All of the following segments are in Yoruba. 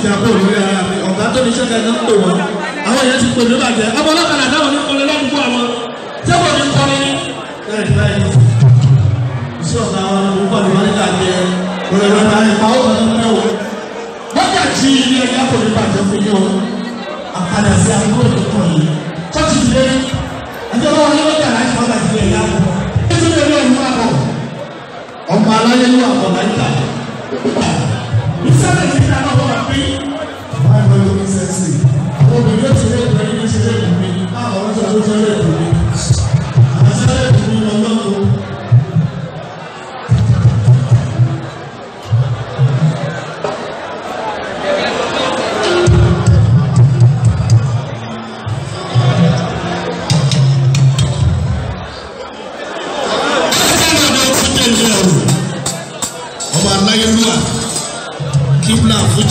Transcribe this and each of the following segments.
ìjà bọ̀ lórí ara mi ọ̀gá tó ní sẹ́kẹ̀ náà ń pè wọ́n àwọn èèyàn ti pè mí bàjẹ́ ọmọ ọlọ́kadà táwọn ní kọlẹ̀ ládùúgbò àwọn sẹ́wọ̀ ní kọlẹ̀ ní. bẹ́ẹ̀ni báyìí iṣẹ́ ọ̀gá wọn ló ń pọ̀ ní wọlé dàgbẹ́ òyìnbó náà ipa ó lọ sí mẹ́wọ̀ bọ́jà jí ilé ẹ̀yà kò ní bàjẹ́ fún yín o àpàdà sí àgbo ìkọ̀ yìí kọ́ọ̀tù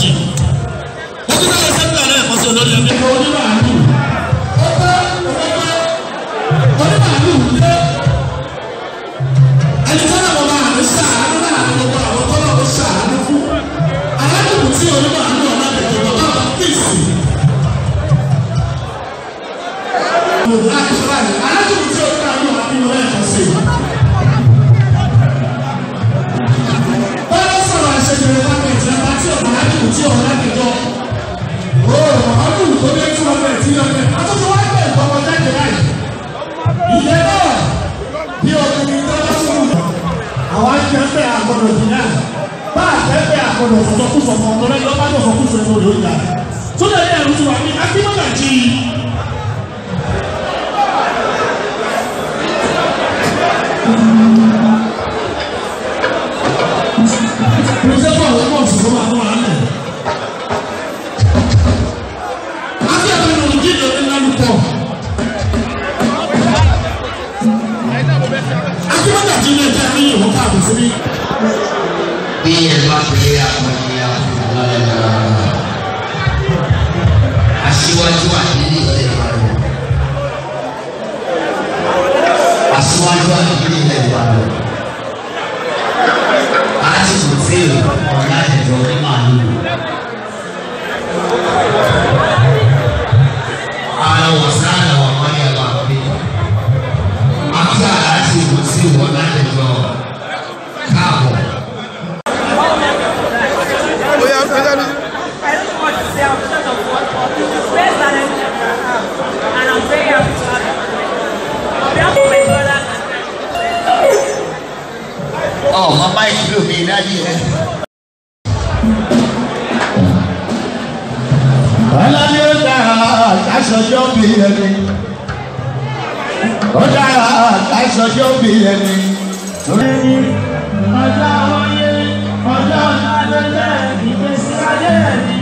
méjì mo tún bẹ̀rẹ̀ sẹ́kítà náà kọ́ sí olórí ẹgbẹ́. onímàálù onímàálù wúlé ẹni tó náà aláàbò tí onímàálù ọ̀nà bẹ̀rẹ̀ bàbá wa pèsè. aláàbò tí wọ̀ sọ̀tọ̀kùsọ̀ mọ̀ ọ̀dọ́rẹ́ yọ bá dọ̀fọ̀kùsọ̀ ẹ̀ lórí ìyá. Sọ́dọ̀ ẹ̀yẹ ẹ̀rù ti wà ní Akínọ́gàjì ọ̀rọ̀ láti jọ ní màálù. Ara wọ̀sán àwọn ọmọ yẹn lọ àbí. Àti àlàáfíà wọ̀ sí ìwọ̀n náà. ọlọ́ni ó dára kásọjọ́ bí ẹni ó dára kásọjọ́ bí ẹni. ọjọ́ oyè ọjọ́ ìdálẹ́lẹ́ ìgbésí ayé ẹni.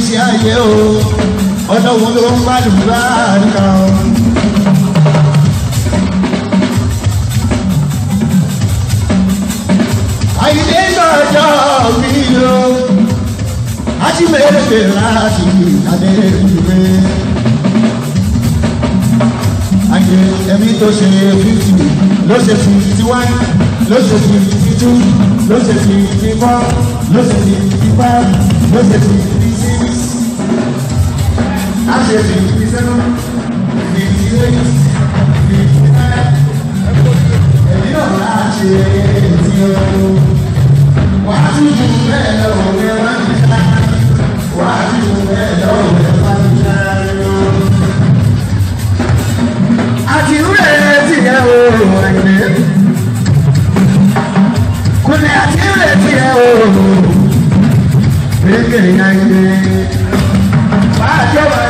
sí ayé o ọlọ́run ló ń gbàdúrà àríkà o. àyílẹ̀ lọ́jọ́ mi o a ti mèrèké láti fi ìdálé ìwé. àyè ẹ̀mí tó ṣe fífi ló ṣe fi tiwá ló ṣe fi fitú ló ṣe fi fífọ́ ló ṣe fi fífá ló ṣe fi fífá six láti ẹsẹ̀ seven fifty eight fifty nine ẹ̀mí náà láti ẹ̀dí ọ̀rọ̀ wà á tún ju bẹ́ẹ̀ lọ òun ẹ̀ wá ní ká wà á tún ju bẹ́ẹ̀ lọ òun ẹ̀ wá ní ká àti ìrúlẹ̀ ẹ̀ ti yẹ kékeré náà ń gbé. Wàá jẹ́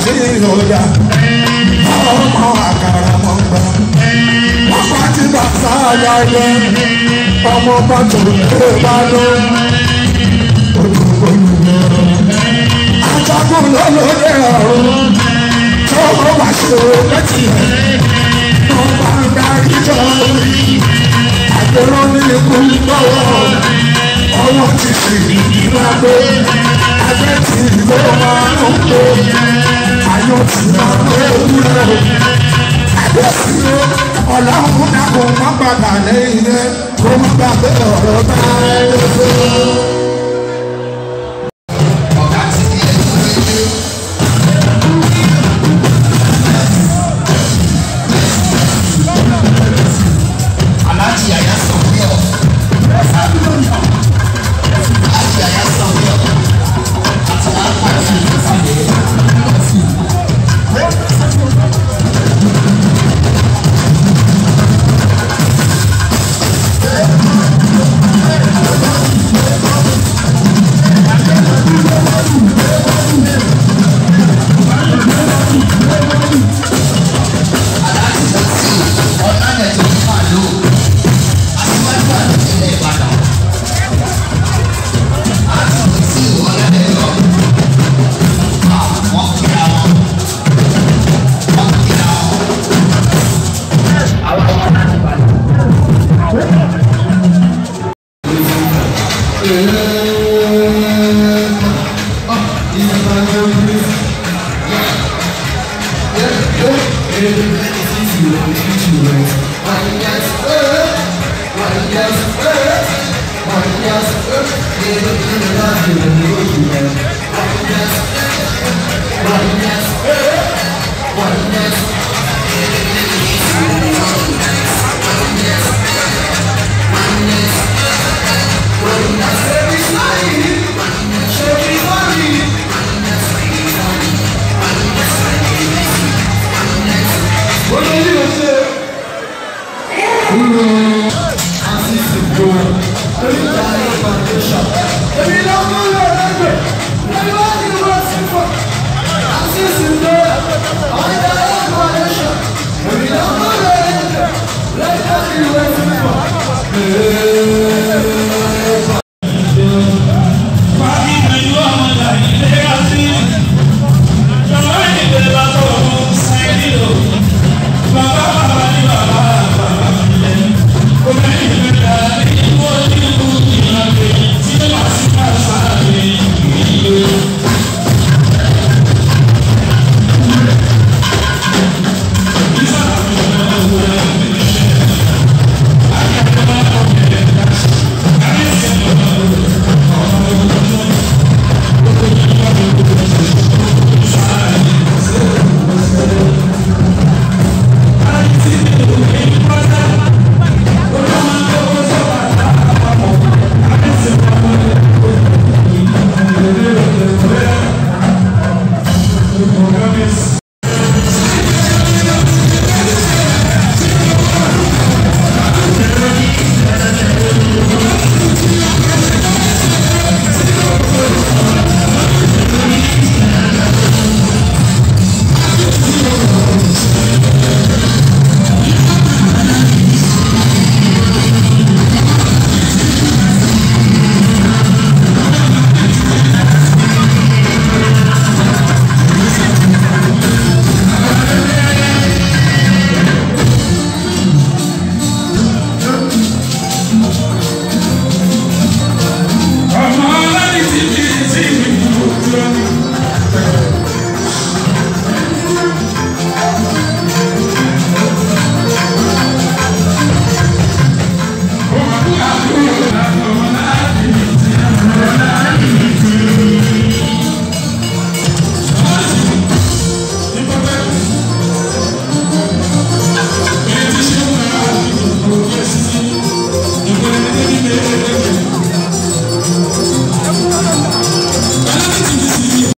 àti ìròyà ọmọ àkàrà mọ̀ gbà ọkọ̀ àti bàtà ayáyẹ ọmọ bàtò ìbàdàn olùgbòlùgbò ajagun lọ́lọ́dẹ ọ̀run tó wọ́n wá sí òkèjì tó bá ayọ̀ tí máa ń gbé ewúrẹ́ o. Ẹgbẹ́ sí o, ọ̀làhùn náà kò má gbàgbà lẹ́yìn you It's easy when you teach you right One yes, uh One yes, uh One yes, uh Never gonna love you when you look you right One yes, uh One yes, uh One yes, uh Never gonna teach you when you look you right 我说这个是。